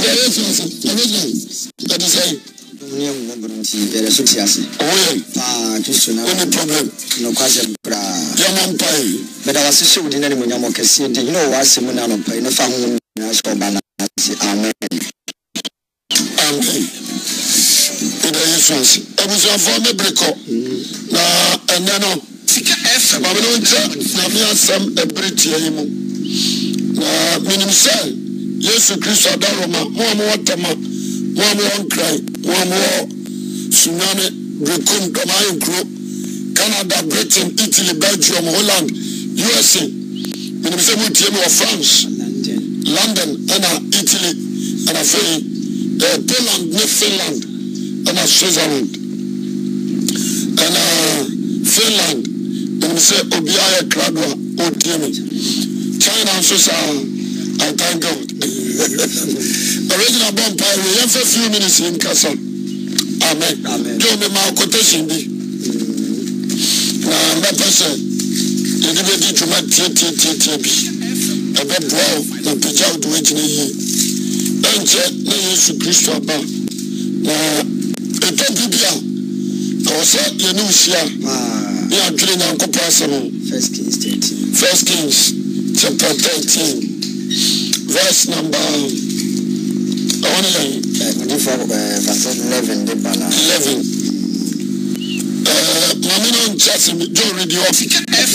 federation arrangements ɛdi sɛ. ne yɛ mɔgɔ bɔrɔ nti yɛrɛ so ti ase. oye paa kristu na. wani problem. nɔkɔ asɛm koraa. yamma mpa yi. bɛda wase sew di na ni mo nyamɔ kɛseɛ di nyina o wa asɛm mu na anɔpa yi ne fa ho nyinaa sɔ ɔba na ase amen. amen. ɛda yesu ase. abusuafoɔ ne bere kɔ. na ɛnɛ no. sika ɛfɛ. maame no nkyɛn na mi asɛm ɛbere tie yi mu. na minim sɛ yesu kristo adaroma mo a mowɔ dama mo a mowɔ nkran mo a mowɔ tsunami brekum dɔmayɛ nkuro canada britain italy belgium holland usa menim sɛ motie me wɔ france london ɛna italy ɛna afei eh, poland ne finland ɛna switzerland ɛna finland menim sɛ obiaa yɛ krado a ɔtie me china nso saa I thank God. Original bomb pie, we have a few minutes in Castle. Amen. Amen. Do me my quotation be. Na mbapa sɛ yɛde bɛdi dwuma tiatiatiatia bi ɛbɛboa wo na mpagya wo de woagyina yie ɛnkyɛ na yesu kristo aba na ɛtɔ bi bi a ɛwɔ sɛ yɛne wo hyia ne adwene nyankopɔn asɛm first kings chapter 13 verse number one eleven. Nífọ̀ verse eleven dé bala. eleven. Màmí náà ń tẹ́ sí mi, read you off.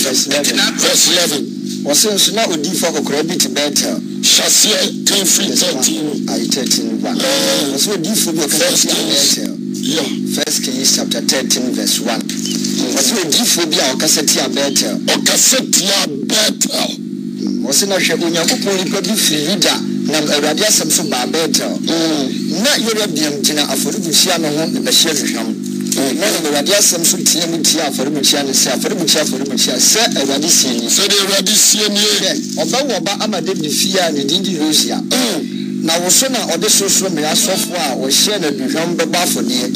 Verse eleven. Verse eleven. Wọ́n sẹ́ nsọ náà òdi ifọ̀ kòkòrò ẹbí ti bẹ́ẹ̀ tẹ̀. Ṣàṣeyẹ ten free thirteen. Ayi thirteen ba. Wọ́n sẹ́ òdi ifọ̀ bí ọ̀kẹ́ ṣàṣeyẹ bẹ́ẹ̀ tẹ̀. First Kings chapter thirteen verse one. Wọ́n sẹ́ òdi ifọ̀ bí ọ̀kẹ́ ṣàṣeyẹ bẹ́ẹ̀ tẹ̀. Ọ̀kẹ́ ṣàṣeyẹ bẹ́ẹ̀ tẹ̀ ɔsi na hwɛ onyankopɔn nipa bi firi yuda nam awurade asɛm so baa bɛɛtel mm. na yerebiam gyina afɔrebukyia no ho na bɛhyɛ hwehwɛm mm. na nam awurade asɛm so tie mu tie afɔrebukyia no sɛ afɔrebukyia afɔrebukyia sɛ awurade sie nie sɛdeɛ awurade sie nie dɛ ɔbɛwɔ ba ama david fie a ne din de rosia mm. na woso na ɔde sorosoro mmea asɔfoɔ a wɔhyɛ no aduhwam bɛbɔ afɔdeɛ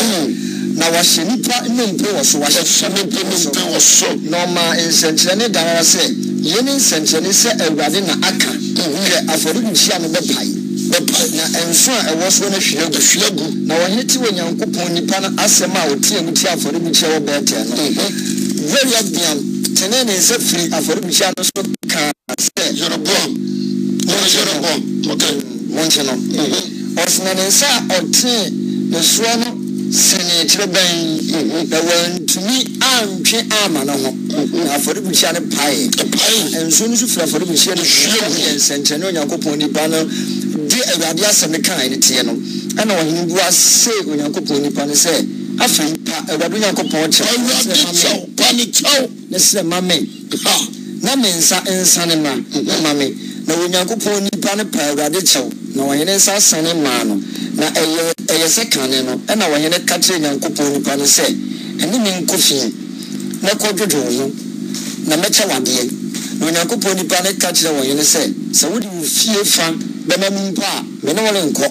na wahyɛ nipa ne mpe wɔ so wahyɛ nipa ne mpe wɔ so na ɔma nsɛnkyerɛ ne dan ara sɛ yɛn ni nsɛnkyerɛnne sɛ awurade na aka sɛ afɔrebukyia no bɛpae na nso a ɛwɔ so no hwɛ gu hwɛ gu na wɔhene te onyankopɔn nipa no asɛm a ɔtea mu te afɔrebukyia wɔ bɛɛtɛɛ no wɛwia bia tene ne nsa firi afɔrebukyia no so kaa sɛ yorobɔm yorobɔm wɔnkyɛ no mm-hmm. ɔsena ne nsa a ɔtee ne soɔ sɛne tiri bɛn na wɔntumi antwe ama no ho na afɔrebukyia no pae nsuo no so firi afɔrebukyia no yɛ nsɛnkyerɛne onyankopɔn nipa no de awurade asɛm no kae ne teɛ no ɛna ɔhene bu ase onyankopɔn nipa no sɛ afei pa awurade onyankopɔn kyerɛ ne sɛ ma me na me nsa nsa ne ma na ma na onyankopɔn nipa no pa awurade kyɛw na ɔhene nsa sane maa no na ɛyɛ ɛyɛ sɛ kane no ɛna ɔhene ka kyerɛ nyankopɔn nipa no sɛ ɛne me nkɔ fie na kɔdwodwo wo ho na mɛkyɛ wadeɛ na onyankopɔn nipa no ka kyerɛ ɔhene sɛ sɛ wode wo fie fa bɛma mu mpo a me ne wole nkɔ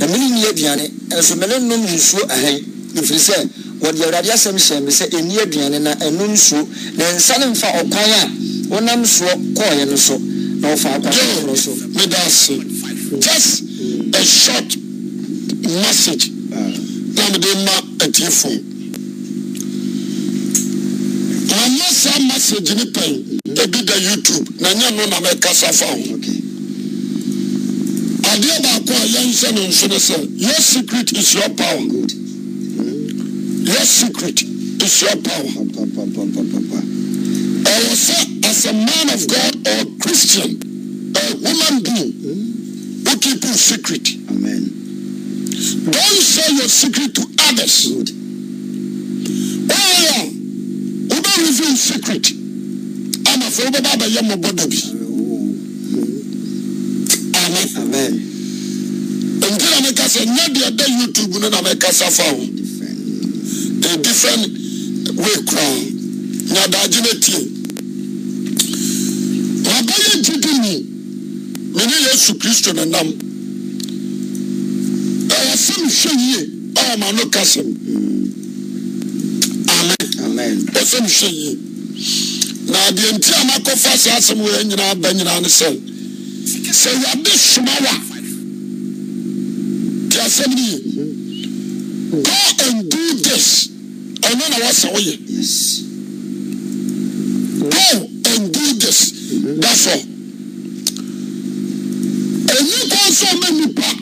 na mene nni aduane ɛnso mene nnom nsuo ahɛn ɛfiri sɛ wɔde awurade asɛm hyɛ me sɛ ɛnni aduane na ɛno nsuo na nsa ne mfa ɔkwan a wonam soɔ kɔɔeɛ no so na wɔfa akwan so meda just a short message na mede ma atiefo mama saa message ne pɛn ebi da youtube na nyɛ no na mɛkasa fa ho adeɛ baako a yɛnhyɛ no nso ne sɛ your secret is your power your secret is your power ɛwɔ sɛ as a man of god or christian a woman being hmm? wo keep your secret Amen. Don't share your secret to others. Good. Oh, who don't reveal secret? I'm afraid about the young body. Amen. Amen. And then I make us a not YouTube, and I make us a different way crown. Now, that's the team. Now, by the team, many years to Christian and I'm sɛ mehwɛ yie ɛwɔ ma no kasɛm amen ɔsɛ mehwɛ yie na adeɛ nti a makɔfa saa asɛm wɔ yɛ nyinaa ba nyinaa ne sɛ sɛ yɛde soma wa te asɛm ne ye go and do this ɔno na wasa woyɛ go and do this therefore ɛni kɔn sɛ ɔma nipa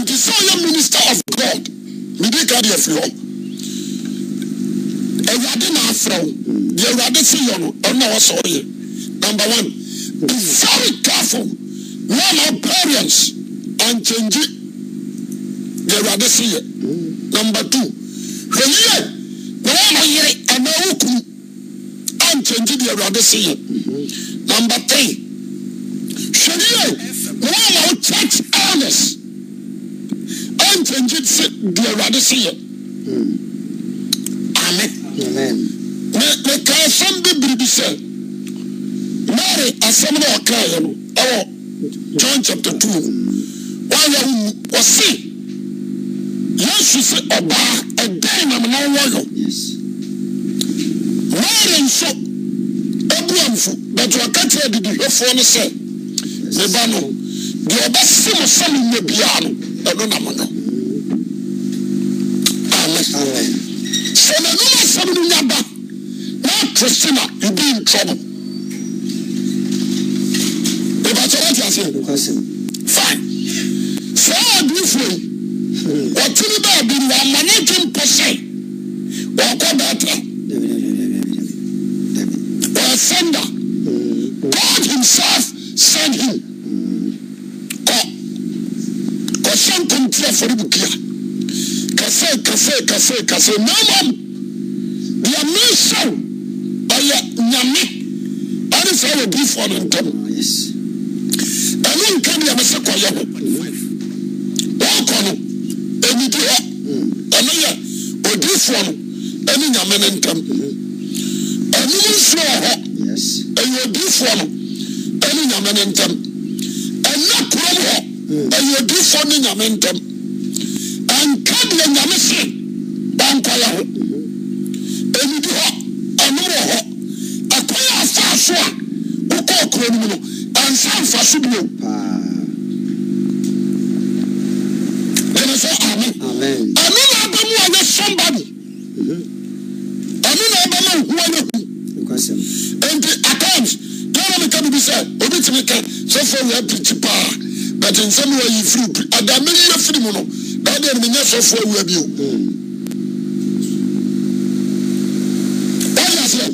nti sɛ ɔyɛ minister of god mede ka deɛ firi hɔ awurade na afrɛ wo deɛ awurade se yɛ no ɔno na wɔsɛ ɔyɛ number one be very careful na my parents ankyɛngye deɛ awurade se yɛ number two hwɛ yie na wɔn na yere anaa wo kunu ankyɛngye deɛ awurade se yɛ number three hwɛ yie na wɔn na wo church elders mpɛngye se deɛ awurade se yɛ amen meka asɛm bi biribi sɛ mary asɛm no ɔkaeɛ no ɛwɔ john chapter 2 woayɛ wo mu ɔse yesu sɛ ɔbaa ɛdan nam na wɔyɔ mary nso abuamfo but wɔka kyerɛ didihwɛfoɔ no sɛ meba no deɛ ɔbɛse mo sɛ menyɛ biaa no ɛno na mo no sɛ n'anum asɛm no nya ba na ate se na you be in trouble ìbàtí ọ̀rọ̀ ti ase fine sɛ ɔdunfoɔ yi ɔtiri baabi ni wàmà ne ti mpɔ sɛ wɔkɔ bɛtɛ wɔsɛnda God himself send him kɔ kɔ sɛ nkontia afɔribukia kase kase kase kase mmom deɛ mehyɛw ɔyɛ nyame ɔne sɛ wɔ birifoɔ no ntam ɛno nka deɛ me sɛ kɔyɛ ho wɔnkɔ no ɛnidi hɔ ɛno yɛ odifoɔ no ɛne nyame no ntam ɛnom nsuo wɔ hɔ ɛyɛ odifoɔ no ɛne nyame no ntam ɛna kurom hɔ ɛyɛ odifoɔ ne nyame ntam anka deɛ nyame se bankɔyɛ ho ɛnidi hɔ ɛno wɔ hɔ ɛkɔyɛ afaa a wokɔɔ kuro no mu no ansa mfa so bio ɛne sɛ ame ɛno na aba mu anyɛ somebody ɛno na aba ma ohu anyɛ hu enti at times meka bibi sɛ obi ka sɛfoɔ wia pirikyi paa but nsɛm wɔ firi adamene yɛ firi mu no ɛdeɛ no menyɛ sɔfoɔ awura bio ɔyɛ aseɛ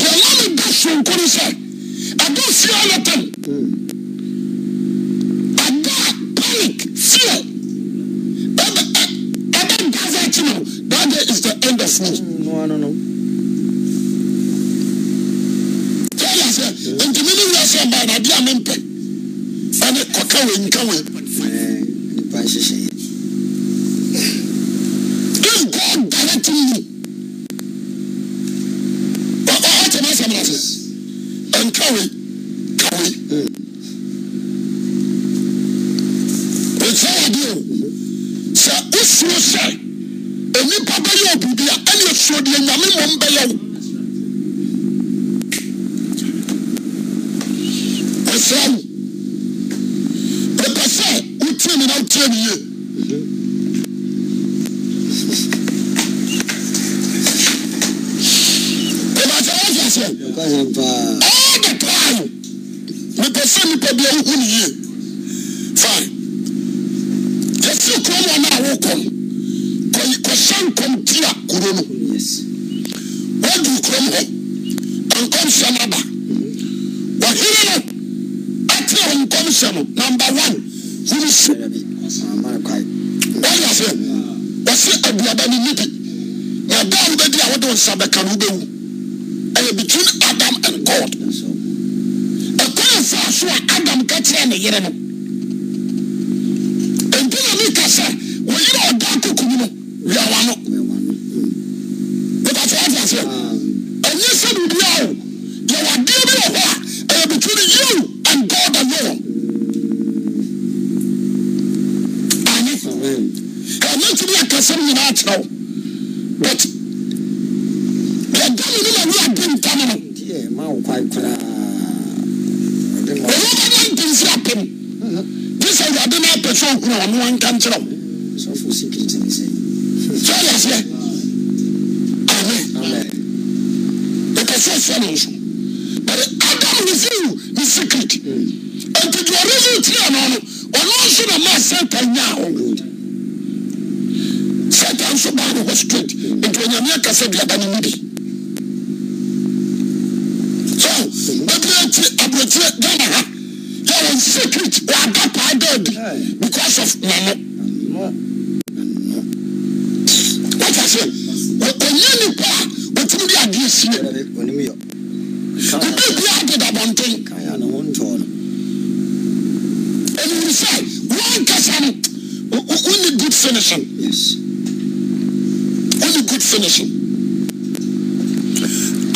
deɛ ma me da sonko no sɛ ɛdo fie a yɛtam ɛda panic fear ɛbɛ gaza akyi no that day is the end of me ɔyɛ aseɛ nti me ne wura sɛ ɛbaa na adeɛ a mempɛ ɛne kɔka wei nka wei adeɛ ho ne yie fine yɛsi kurom wɔn a wɔkɔ no kɔhyɛ nkɔmtia kuro no wɔadu kurom hɔ nkɔmhyɛ no aba wɔhene no ate hɔ nkɔmhyɛ no number one huru so wɔyɛ fɛ wɔsi aduaba ne nibi na ɛda a wobɛdi a wode wo nsa bɛka no wobɛwu ɛyɛ between adam and god asase so a adam ka kyerɛ ne yere no nti na mi ka sɛ wɔyere ɔda koko no wɛwa no nípa sɛ wàá ɛnyɛ sɛ bìbí a o bi wɔ hɔ a ɛyɛ between you and God alone ani ɛnyɛ ntumi akasɛm nyinaa kyerɛ o but yɛda mi ni ma wi adi ntam no. sɛ awurade no apɛ sɛ ɔhunu ɔno anka nkyerɛ wo ça ɔyɛ seɛ amen The sɛ sɛ no jour but adam reveal ne secret ɛnti hmm. deɛ ɔreveal here no no ɔno nso na maa satan nyaa hɔ satan nso baa no hɔ straight hmm. nti onyame akasa de la so hmm. secret, c'est le secret dead because of nano wọ́n fà se onye nipa otumi di adi esie obi bi adeda bɔnten enimiri sɛ wɔn kasa no only good finishing only good finishing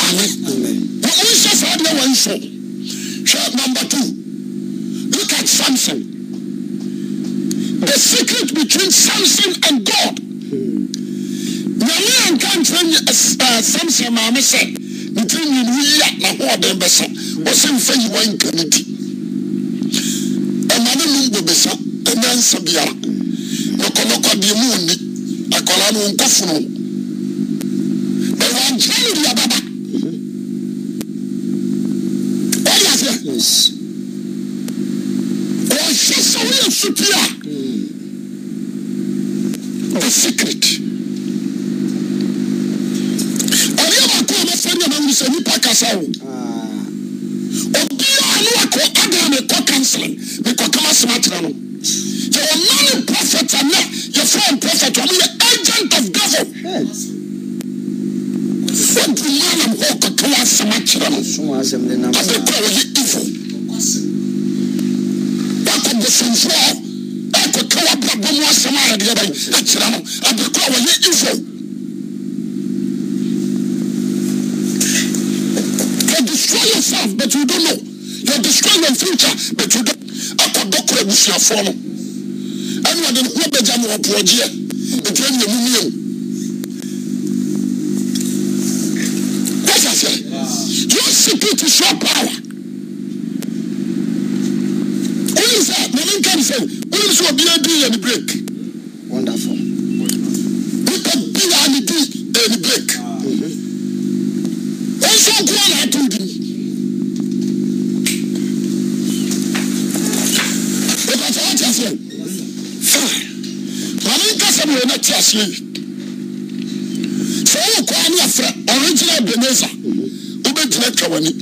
amen wɔn nsɛ saa deɛ wɔn nsɛ hwɛ number two look at something secret between Samson and God. Nyame anka nkyerɛ eh, eh, Samson maame sɛ ne tirinwi no yia na hoɔden bɛsa wɔsɛ mfa yiwa nka ne ti. Ɛma ne nom bobesa ɛna nsa biara. Nɔkɔnɔkɔ deɛ mu wɔ ni akwaraa no nkɔ funu. Na wɔankyerɛ no deɛ baba. Wɔde aseɛ. Wɔhyɛ sɛ woyɛ supia of secret ɔyɛ baako a ɔbɛfa ne ɔma wuru sɛ nipa kasa wo obiara ne wakɔ adan ne kɔ kansilin ne kɔ kama sima kyerɛ no yɛ ɔma ne prophet anɛ yɛ fɔn prophet ɔmo yɛ agent of devil wɔdi mu anam hɔ kɔkɔ wɔ asɛm akyerɛ no abɛkɔ wɔyɛ evil wakɔ bosanfoɔ akɔka wabrabɔ mu asɛm a yɛdeɛ bɛn akyerɛ no abɛkɔ a wɔyɛ ifo you destroy yourself but you don't know you destroy your future but you don't akɔdɔ kora abusuafoɔ no ɛne wɔde ne ho bɛgya ma wɔpoɔgyeɛ ɛti ɛneɛ mu mmiɛm wasa sɛ you see people show power na mi nka ni sɛ wɔn nso obi adi yɛ ni break. wonderful. nipa bi a ni di yɛ e ni break. wɔn mm-hmm. nso nkura na ato bi. ìpàtà wọ́n ti aseɛ fine maame nka sɛ mi wɔ na ti aseɛ yi sɛ wɔn kɔ ani afra original beneza wɔn bɛ gyina twɛ wɔn ni.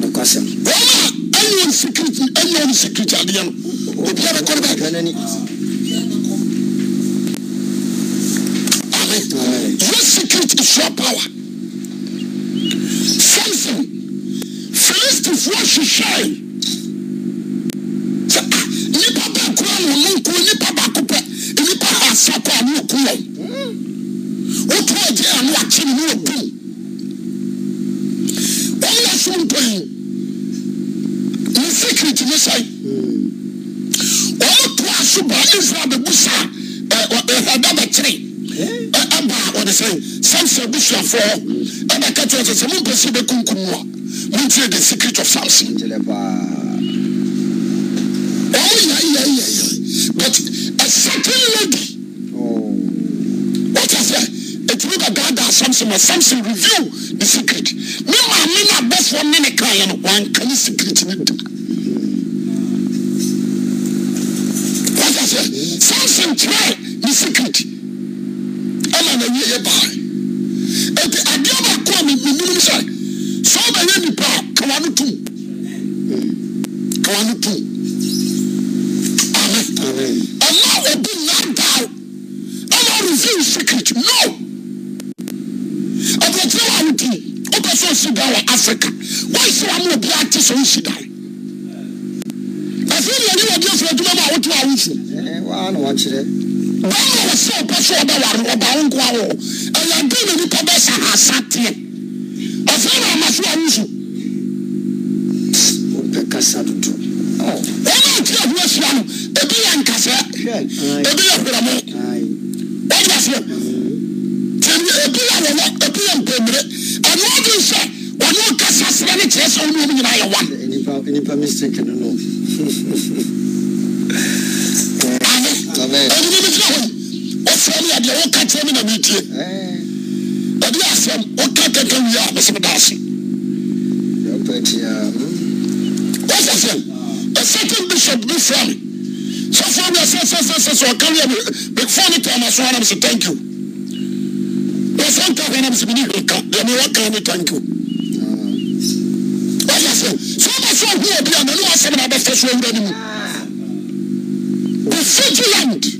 wɔn a ɛnyɛ nsikiriti ɛnyɛ nsikiriti adeɛ no obi a bɛkɔ ne bɛ. Your secret is your power. Samson, Philistifoɔ hyehyɛe. Nipa baako a wɔn mu nko nipa baako pɛ nipa baasa pɛ a wɔn mu kuyɛ. Wotu agye a wɔn akyi ne wɔn bu. treat ne sɛe ɔmo to aso baa israel bɛbu saa e, ɛhɛda bɛkyere eh? ɛba a wɔde sɛ samson abusuafoɔ ɛna e, ka kyerɛ sɛ sɛ mompɛ sɛ bɛkunkum mu a montie the secret of samson ɔmo yɛyɛyɛyɛ but a certain lady wɔkyɛ oh. sɛ ɛtumi bɛgaadaa samson ma samson review the secret ne maame no abɔfoɔ ne ne kaeɛ no wanka ne secret no dim sɛ nkyerɛ ne secret ɛna nawie yɛ baa enti adeɛ baako a menim sɛ sɛ wobɛyɛ nnipa a kawa no tom kawa no tom amen ɛma obi nadaw ɛna reveal secret no ɛbrɛkyerɛ wa wo ti wopɛ sɛ osi da wɔ africa woasi wa ma obiaa te sɛ wosi da afei deɛ ne wɔdeɛ firi adwuma ma a wote wa wo fo waa na wakyerɛ ɛyɛ sɛ ɔpɛ sɛ ɔbɛware ɔba wo nkoa wɔ ɛyɛ de na nipa bɛsa asateɛ ɔfrɛ no ama so awo so wopɛ kasa dodo wɔn a tiri ahoɔ ahyia no ebi yɛ nkasa ebi yɛ hwerɛmo wɔde aseɛ tɛnɛ ebi yɛ wɔwɔ ebi yɛ mpɔmire ɛno ɔde sɛ wɔne ɔkasa serɛ ne kyerɛ sɛ wɔn mu nyinaa yɛ wan nipa mistake no no deɛ woka kyerɛ me na metie ɛde asɛm woka kɛkɛ wie a mesɛ meda ase mm. wosɛ sɛ ɛsɛkin bishop bi fra me sɔfoɔ bi ɛsɛsɛsɛsɛ sɛ ɔka wiɛ mefoɔ ne tama so hɔ na mesɛ thank you wɔsɛ nka hɔ na mesɛ mene hwee ka deɛ mewɔka ne thank you ah. wosɛ sɛ sɛ ɔma sɛ ɔhu obi a na ne wɔasɛm na abɛfɛ so awura no mu ah. The vigilant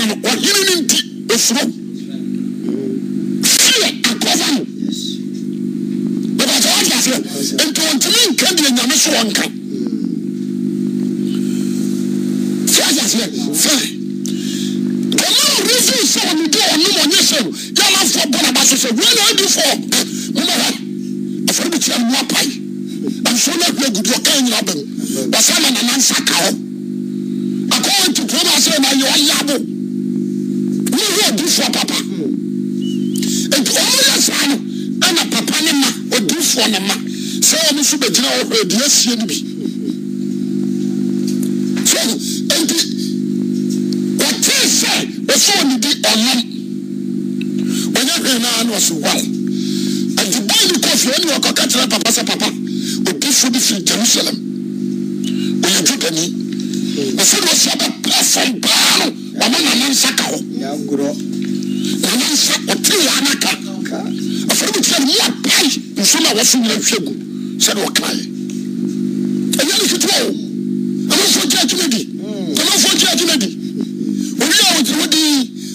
akyi no ɔhene no nti ofuro fear akɔfa no bɛbɛtɛ wate aseɛ nti ɔntumi nka deɛ nyame so ɔnka sɛ wate aseɛ fine ɔma ɔrefi sɛ ɔne deɛ ɔnom ɔnyɛ sɛ yɛmafoɔ bɔ naba so sɛ wei adi fɔ momɛ hɔ afɔre bɛkyira no moapae nanso no ahua agudu ɔka nyina bɛm wɔsɛ ma nana ka hɔ akɔwɔ nti kurom asɛ ma yɛ ɔyabo odiifoɔ papa nti wɔn yɛ saa no ɛna papa ne ma odiifoɔ ne ma sɛ wɔn nso bɛgyina hɔ hwɛ deɛ sie no bi so nti wɔte sɛ wɔfɔ wɔn di ɔnam wɔnyɛ hwɛ naa na wɔso wae nti bɔn yi kɔfi wɔn ni wɔkɔ kakyina papa sɛ papa odiifoɔ bi firi jerusalem wɔyɛ judani wɔsɛ wɔsi abɛ pɛɛ fɔm paa no wɔn na ne nsa ka hɔ na ne nsa ɔte yɛ anaka afɔri bi tiɛ mu yɛ pai nso wɔso nyina hwɛ gu sɛde ɔkra yɛ ɛnyɛ ne ketewa o amanfoɔ kyerɛ kyerɛ di amanfoɔ mm. kyerɛ kyerɛ di owi a wɔdi wɔdi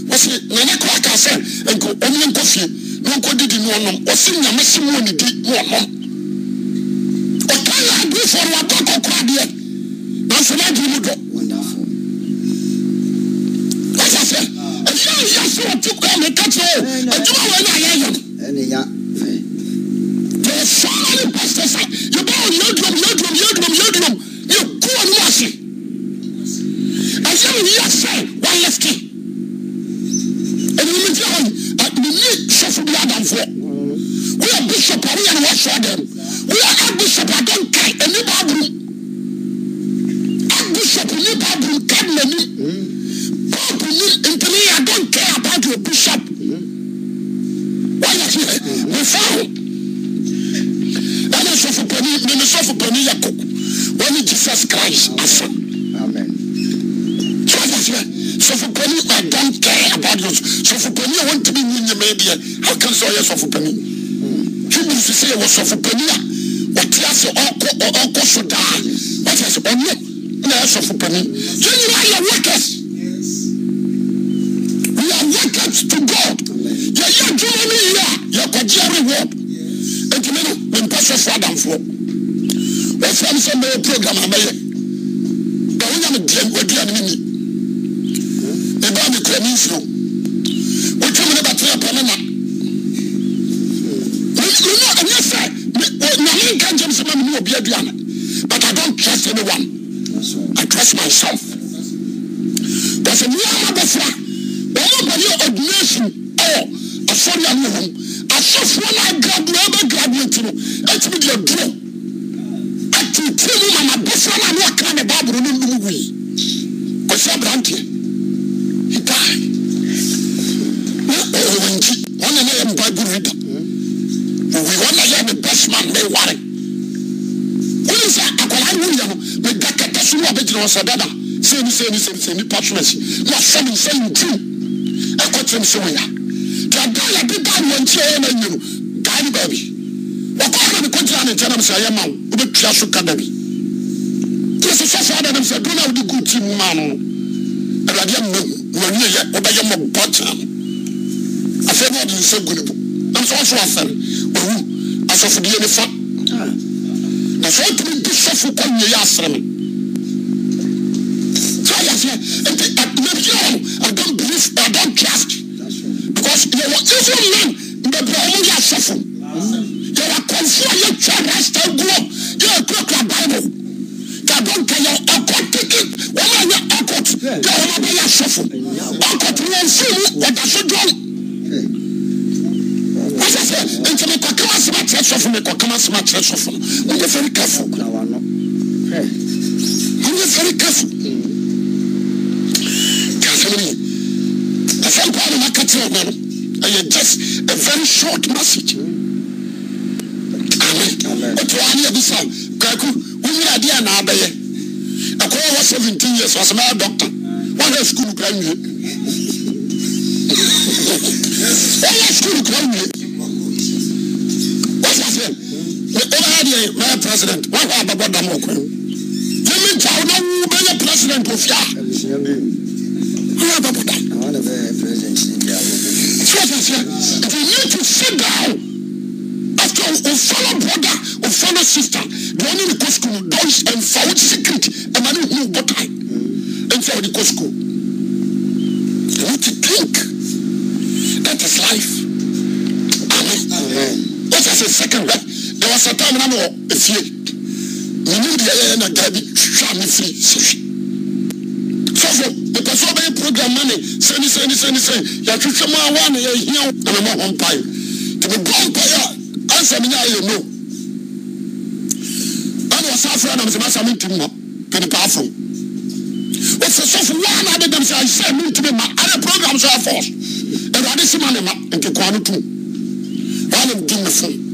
wɔsi na ɛnyɛ kora ka sɛ nko ɔmo nkɔ fie na ɔnkɔ didi na ɔnom ɔsi nyame si mu onidi na ɔnom ɔtɔn yɛ adiifoɔ no atɔn kɔkɔ adeɛ na nso adi mu dɔ. sɛ ɔtu kɔ ne kakyerɛ o adwuma wɔ ne ayɛ yɛ ɛne ya fɛ there are so many pastors yɛbɛ ɔnyina dwom deɛ sɔfopani I don't care about you sɔfopani a wɔntumi nyi nyɛmɛ deɛ how can sɛ ɔyɛ sɔfopani human fi sɛ yɛwɔ sɔfopani a ɔte ase ɔkɔ ɔkɔ so daa wɔte ase ɔno na yɛ sɔfopani yɛn nyinaa yɛ workers we are workers to God yɛyɛ adwuma no yie a yɛkɔgye reward ntumi no mempɛ sɔfo adamfoɔ wɔfrɛ m sɛ mɛyɛ program a mɛyɛ na wonyame deɛ waduane no ni bíbá mi kúrò ní nfiri o wotwa mu ne bàtí ẹ̀pọ̀ ne ma nínú ẹ̀yẹ sẹ nyàmú nǹkan jẹ́ mi sẹ́ mi ní obi aduane but I don't trust anyone I trust myself. man bɛ wari wọ́n sɛ akɔla ni wúlò yẹ no bɛ da kɛtɛ so ní abegyina wọn sɛ dada sɛni sɛni sɛni sɛni patrɔnɛsi wà sɛni sɛni tu ɛkɔ tẹm sɛ wọn ya tí a da yà bí da wọn ti ɛyɛ náà nyɛ no gaa ni baabi ɔkọ ɔkọ ni kɔntira ni nkyɛn nam sɛ ɛyɛ ma wo o bɛ tia so kada bi tí o sɛ sɛ sɛ adam sɛ dunu a wòdi gu ti mu maa no ɛwurade ɛmu wọn yɛ yɛ ɔbɛyɛ mɔ bɔtɛn afɛ bi nsɛ gu ne bo nam sɛ asɔfodie ne fa na sɛ wotumi di sɔfo kɔ nyɛ yɛ asere me sɛ yɛfɛ nti nabio I don't believe I don't trust because yɛwɔ evil men bɛbrɛ ɔmo yɛ asɔfo yɛwɔ kɔmfo a yɛtwa rasta guo yɛwɔ kurakura bible kadɔnka yɛ ɔkɔ tiki wɔn a yɛ ɔkɔt yɛ ɔmo bɛyɛ asɔfo ɔkɔt wɔn fi mu ɔda so dɔn. sɔfo mi kɔ kama sima kyerɛ sɔfo no wɔn yɛ very careful wɔn yɛ very careful kí asɛm ni asɛm kɔ àwọn aka kyerɛ no ɛyɛ just a very short message amen otu wani ebi sa kaku wúnyìí adi a n'abɛyɛ ɛkɔyɛ wɔ seventeen years wɔsɛ mɛ doctor wɔn yɛ sukuu kura nwie wɔn yɛ sukuu kura nwie. mɛyɛ deɛ mɛyɛ president wahɔ abɛbɔ dam wɔ kwan yɛmi gya wo na wo bɛyɛ president ofia wahɔ abɛbɔ dam sɛsɛsɛ if you need to sit down after ofana brother ofana sister deɛ ɔne ne kɔ school dɔns ɛmfa wo secret ɛma ne hu botae ɛmfa wo de kɔ school you need to think that is life amen what's the second one yɛwɔ sɛ tam na mewɔ efie menim deɛ yɛyɛ na daa bi hwehwɛ me firi sɛ hwe sɔfo mepɛ sɛ wobɛyɛ program ma ne sɛne sɛne sɛne sɛn yɛahwehwɛ mu a woa ne yɛhia wo na memmɔ ho mpae nti mebɔ mpae a ansa menya ayɛ no ana wɔsa afrɛ nam sɛ masa mentim hɔ pɛnipa afro wɔsɛ sɔfo woa na adedam sɛ ahyɛ mentimi ma ana program so aforce awurade sima ne ma nkekoa no tu woa ne mdi me fom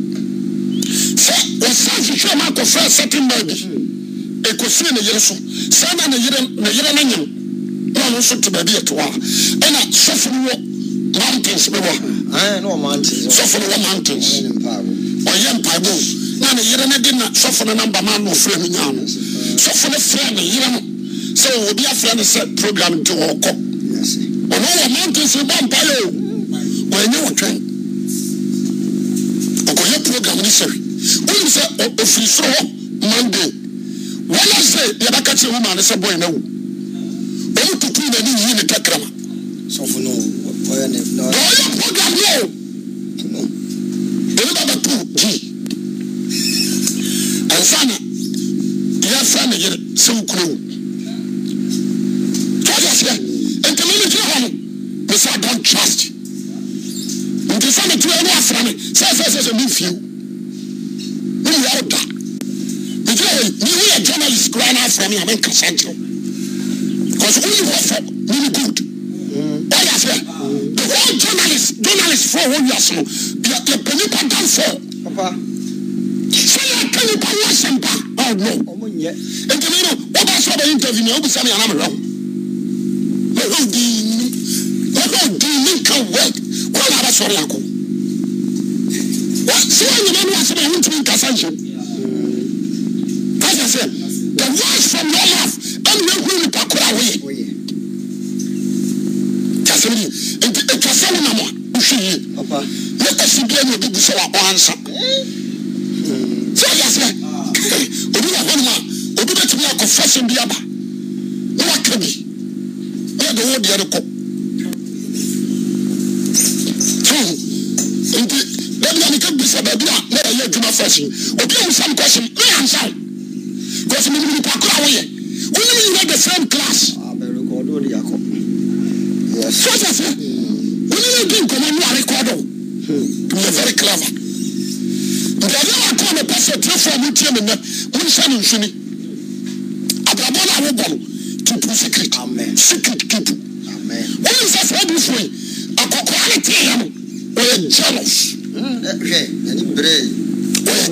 sɛ wɔsan hwehwɛ ma akɔfra certain boy bi ekosue ne yere so saa na ne yere ne yere no nyem na ɔno nso te baabi yɛ toa ɛna sɔfo no wɔ mountains bi wɔ sɔfo no wɔ mountains ɔyɛ mpaebɔ na ne yere no de na sɔfo no namba ma no ɔfrɛ no nyaa no sɔfo no frɛ ne yere no sɛ obi afrɛ no sɛ program nti wɔkɔ ɔno wɔ mountains bi bɔ mpaeɛ o ɔnyɛ wɔtwɛn program ni sɛre wonim sɛ ɔfiri soro hɔ monday wednesday yɛbɛka kyerɛ womaa ne sɛ bɔɛ na wo ɔmu tutu n'ani yii ne kakrama ɔyɛ program ne o ɛne babɛto gye ansa na yɛfrɛ ne yere sɛ kuro wo tɔgyaseɛ nti me ne gyina hɔ no me sɛ i trust nsa ne tuo ne afra me sɛ sɛ sɛ sɛ memfiew woyɛ wo da megyina wei ne woyɛ journalist koraa no afra me a menkasa nkyerɛ bcause woyi hɔ fɔ mene good ɔyɛ afrɛ the whole journalist journalist fo wɔ wiase no yɛpɛ nipa damfo sɛ yɛka nipa wo asɛmpa oh no nti me no woba sɛ wobɛyɛ interview nea wobisa me anamehwɛ ho mehwɛ din ni mehwɛ din ne nka word kọ́ ni abasọ̀rọ̀ yà kọ́ wọ́n ti wọ́n nyina ni wọ́n ti bẹ̀ wọ́n ti mi nkasa nhyɛn kasa sɛ the voice from your mouth ɛna yɛ hu nipa koro a wɔyɛ kasa mi nti etwa sɛ ne nam a wohwɛ yie ne kɔsi bi ɛna obi gu sɛ wa ɔansa sɛ ɔyɛ sɛ obi wɔ hɔ nom a obi bɛtumi akɔ fashion bi aba ne wa kɛ bi ne yɛ de wo deɛ de kɔ free nti baabi a ne ka bisa baabi a na yɛ adwuma fɛsi obi a wosam kɔsi ne yɛ nsa kɔsi ne nimu nipa kora woyɛ wɔn mu yina the same class sɔgya fɛ wɔn yɛ di nkɔmɔ nu arekɔdo yɛ very clever nti ɛdi wa kɔn ne pɛsɛ tiɛ fɔ ɔmu tiɛ ne nɛ wɔn nsa ne nsini abrabɔ na awo bɔ no keep secret secret keep wɔn nsa fɛ ɛbi fo yi akɔkɔ ale tiɛ yɛ no wɔyɛ jealous. Hmm, eh, wɔyɛ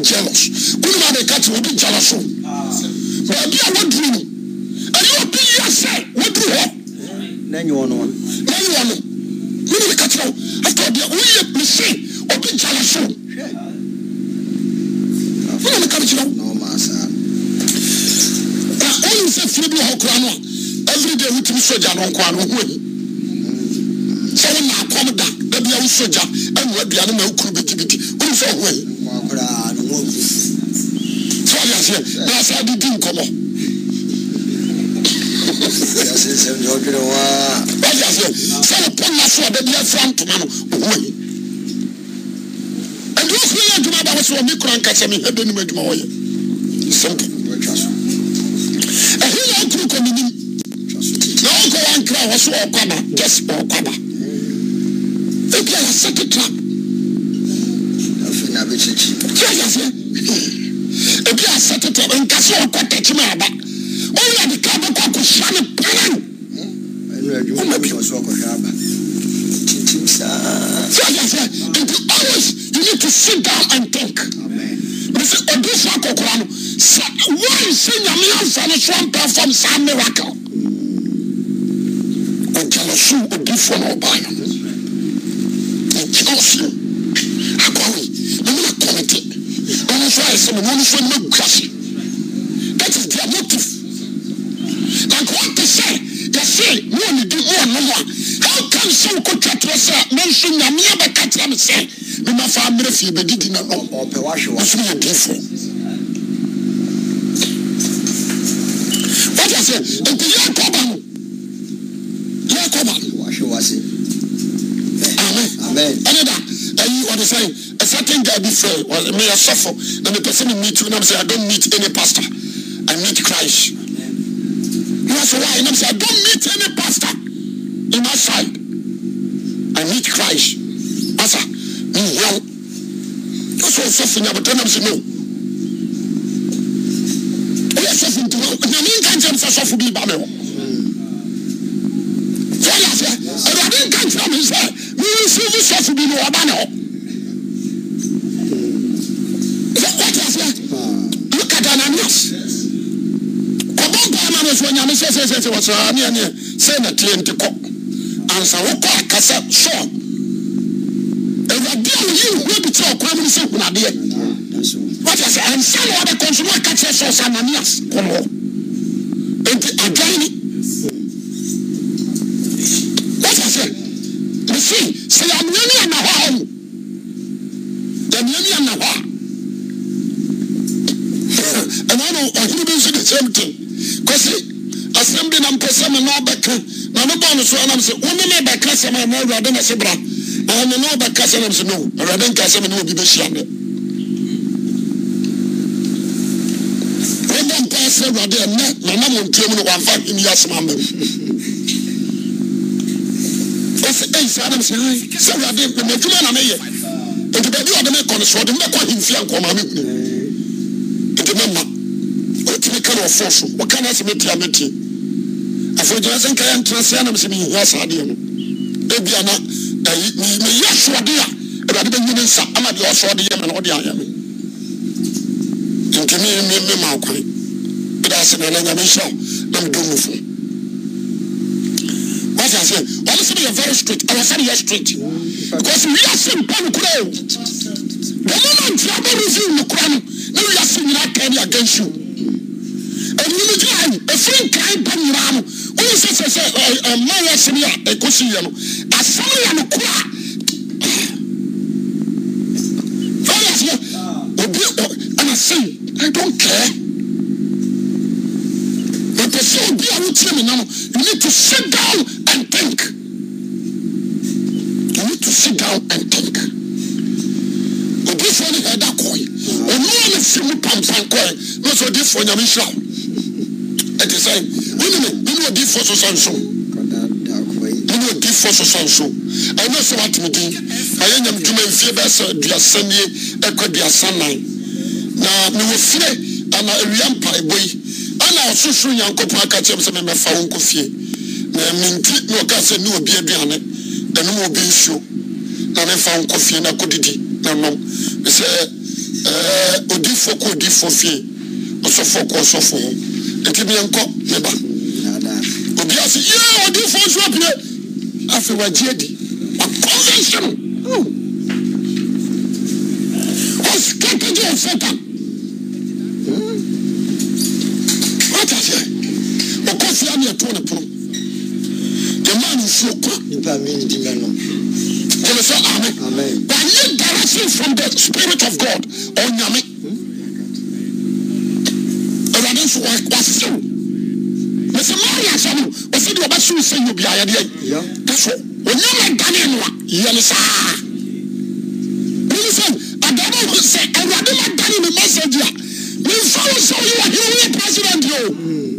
jealous kunu maa de ka ti obi jealous so baabi ah. a waduru no ɛni obi yi asɛ waduru hɔ. n'anyi wɔn no. n'anyi wɔn no kunu de ka ti o afɔ deɛ oyɛ misi obi jealous so kunu de ka ti kyerɛ o. na oyin sɛ firi bi wɔ hɔ kura no a every day wotumi sɔgya no nkɔ ano ho yi bia wo sogya ɛne aduane ma wokuru bigyibigyi wone sɛ ɔhoɛ so aseɛ na asɛ ade di nkɔmmɔ ɔde sɛ ne so a baabi afra ntoma no ɔhoɛ ɛnti yɛ adwuma ba wo sɛ ɔme kora nka sɛ mehɛ bɛnim adwuma wɔyɛ simple ɛhe yɛ nkuru kɔ na wɔnkɔ wankra hɔ so ɔkwaba just ɔkwaba obi a yɛsɛ te trap ɔkɔ tɛkyi ma aba ɔwura de ka bɛkɔ akɔhyia ne panan woma bi tiayaseɛ nti always you need to sit down and think mese ɔbi so akɔkora no sɛ wɔn sɛ nyame amfa no so ampɛ fam saa miracle hmm. ɔgyalɔso odifoɔ no ɔbaa no kyerɛwfie akɔre mene akɔmete ɔno nso ayɛ sɛ mene ɔno nso anim aguase that is their motive like wante sɛ yɛse ne ɔnedi ne ɔno ho a how come sɛ wokɔtwa torɔ sɛ me nso nyame abɛka kyerɛ me sɛ memafa mmerɛ fie bɛdidi na no ɔso yɛ difoɔ wate sɛ nti yɛkɔba no yɛkɔba no Amen. Another, you want to say, a certain guy before, well, may I suffer, and the person meet you, know, I'm saying, I don't meet any pastor. I meet Christ. That's why, and I'm saying, I don't meet any pastor in my side. I meet Christ. Pastor, me well. That's why I'm suffering, but then I'm saying, no. I'm suffering to know. I'm suffering to know. ɔbɛgye sɛfo bi mu ɔba that hɔ wate aseɛ look at ananias ɔbɔ mpaama no so onyame sɛsɛsɛsɛ wɔ saa neɛneɛ sɛ na tie nte kɔ ansa wokɔ akasɛ sɔɔ awurade a woyi nhuro bi kyerɛ ɔkwan mu no sɛ hunadeɛ wate aseɛ ansa na wɔbɛkɔ nso na aka kyerɛ sɛ ɔsɛ ananias kɔ no hɔ enti adwane free sɛ yɛamea ne yɛna hɔ a wo yɛmea ne yɛna hɔ a ɛna no ɔhene bi nso the same thing kɔsi asɛm bi na mpɛ sɛ me na ɔbɛka na no bɔɔ no so anam sɛ wo ne ne bɛka sɛm a na awurade na se bra na ne ne ɔbɛka sɛ nam sɛ no awurade nka sɛm ne obi bɛhyia ne wobɔ mpaa sɛ awurade ɛnɛ na nam ntiam no wamfa hwene yi asɛm ama ɔbɛka nhyira dɛm sɛ sɛ wurade mema adwuma na meyɛ nti baabi ɔde mekɔ no so ɔde mɛkɔ ahemfia nkɔmaa mehunu nti mɛma ɔtumi ka na ɔfɔ so ɔka na sɛ metia metie afei gyina sɛ nkɛyɛ ntena sɛ anam sɛ meyihia saa adeɛ no ebia na meyɛ asoɔde a awurade bɛnyi ne nsa ama deɛ ɔsɔɔde yɛ me na ɔde ayɛ me nti memema akwan bidase na na nyame nhyira wo na medɔ mu fo ase ase ɔmo sɛ yɛ very straight ɛwɔ sɛ yɛ straight because wia se mpa nukura o wɔn ma ntura bɛ review nukura no na wia se nyinaa kan against you ɛnum gyina ayi efiri nkran ba nyinaa no wɔn sɛ sɛ sɛ ɛ ɛ mmaa yɛ asɛm yɛ ɛkɔsi yɛ no asɛm yɛ no kura very ase obi ɔ ɛna sɛn I don't care mpɛ sɛ obi a wotie me na you need to sit down and think you need to sit down and think odiifoɔ ne hɛda kɔe ɔnoa ne fi mu pampan kɔe na sɛ odiifoɔ nyame nhyira wo ɛte sɛ wonime wone odiifoɔ so sa nso wone odiifoɔ so sa nso ɛnɛ sɛ woateme din ayɛ nyamdwuma mfie bɛsɛ duasa nie ɛkɔ duasa nan na mewɔ fie ana awia mpa ɛbɔ yi ɛna ɔfoforo nyankopɔn aka kyerɛ m sɛ memɛfa wo nkɔ fie na menti na ɔka sɛ ne obi aduane ɛnom obi nsuo na memfa wo nkɔ fie na kɔdidi na nom sɛ odifoɔ kɔ odifoɔ fie ɔsɔfoɔ kɔ ɔsɔfo ho nti meɛnkɔ meba obi ase yɛ odifoɔ nso apue afei wagye adi waconvention ɔsikapagye ɔfɔ pa to ne pono yɛma no nsuo kwa gyeme sɛ ame but ne direction from the spirit of god ɔnyame awurade nso wasew mɛsɛ maria sɛ no ɔsɛ de wɔbɛsew sɛ nyɛ biaa yɛdeɛ tafo ɔnyama dane noa yɛ ne saa mene sɛ adaba ho sɛ awurade madane ne message a memfa wo sɛ woyɛ ɔhene woyɛ president o hmm.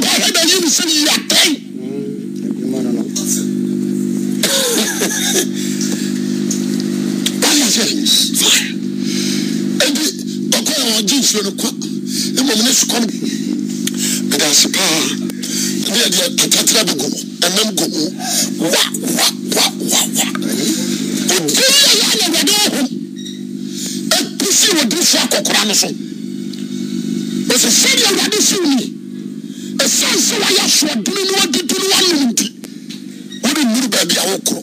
sini yà kẹ́yìn. báyìí ebi ọkọ yẹn wọn jí ni kọ emu mi ni sukọ mi bẹẹ asi paa ebi yẹ di atatira bi gomu ẹnam gomu wa wa wa wa wa obi yẹ yẹ na wẹdẹ ọhún epusi wọdi fún akọkọrọ anu so òsì sẹbi ọwọde fún mi ɛsiane sɛ wayɛ asoɔdene ne wadidi ne wanom nti wode nnuru baabi a wokorɔ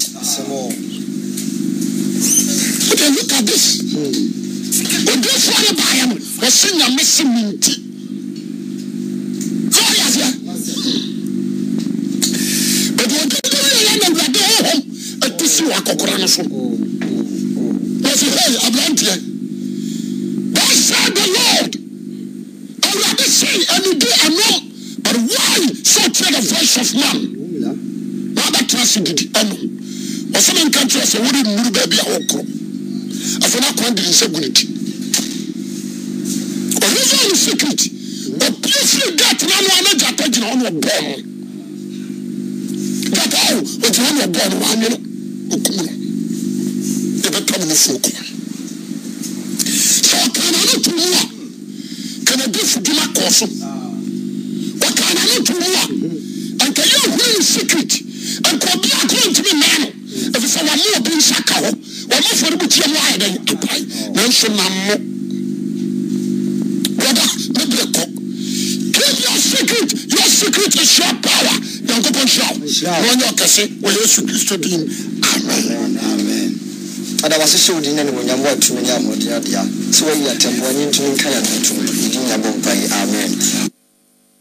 wode look at this odifoɔ ne baeɛ no wɔse nyame se me nti sɛ wɔyɛ aseɛ bɛde ɔdidimu yɛyɛ na awurade honhom atu si wɔ akɔkora no so wɔse hei aberanteɛ hear the voice of man wabɛtena ase didi ɛno ɔsɛne nka kyerɛ sɛ wode nnuru baabi a wɔkorɔ afei no akwan diri nsɛ gu ne ti ɔrefa ne secret ɔpie firi gat na no ana gyata gyina hɔ ne ɔbɔɔ no gyata ao ɔgyina ne ɔbɔɔ no waanwe no ɔkum no yɛbɛtam no fo ɔkum sɛ ɔkaa na ne to mu a kana bi fuduma kɔɔ so adeɛ to mu a anka yɛ ahuru no secret anka obi akoro ntumi mmaa no ɛfiri sɛ wɔama obi nsa ka hɔ wɔama fɔre mu tia mu ayɛ dɛn apae nanso nammo wɔda ne berɛ kɔ keep your secret your secret is your power nyankopɔn hyira wo na ɔnyɛ ɔkɛse wɔ yesu kristo din amen ada wase hyɛ wodin na nimonyam wɔ atumi ne ahoɔden adea sɛ wayi atɛmmoa ne ntumi nka yɛ atontom yɛdi nyabɔ mpae amen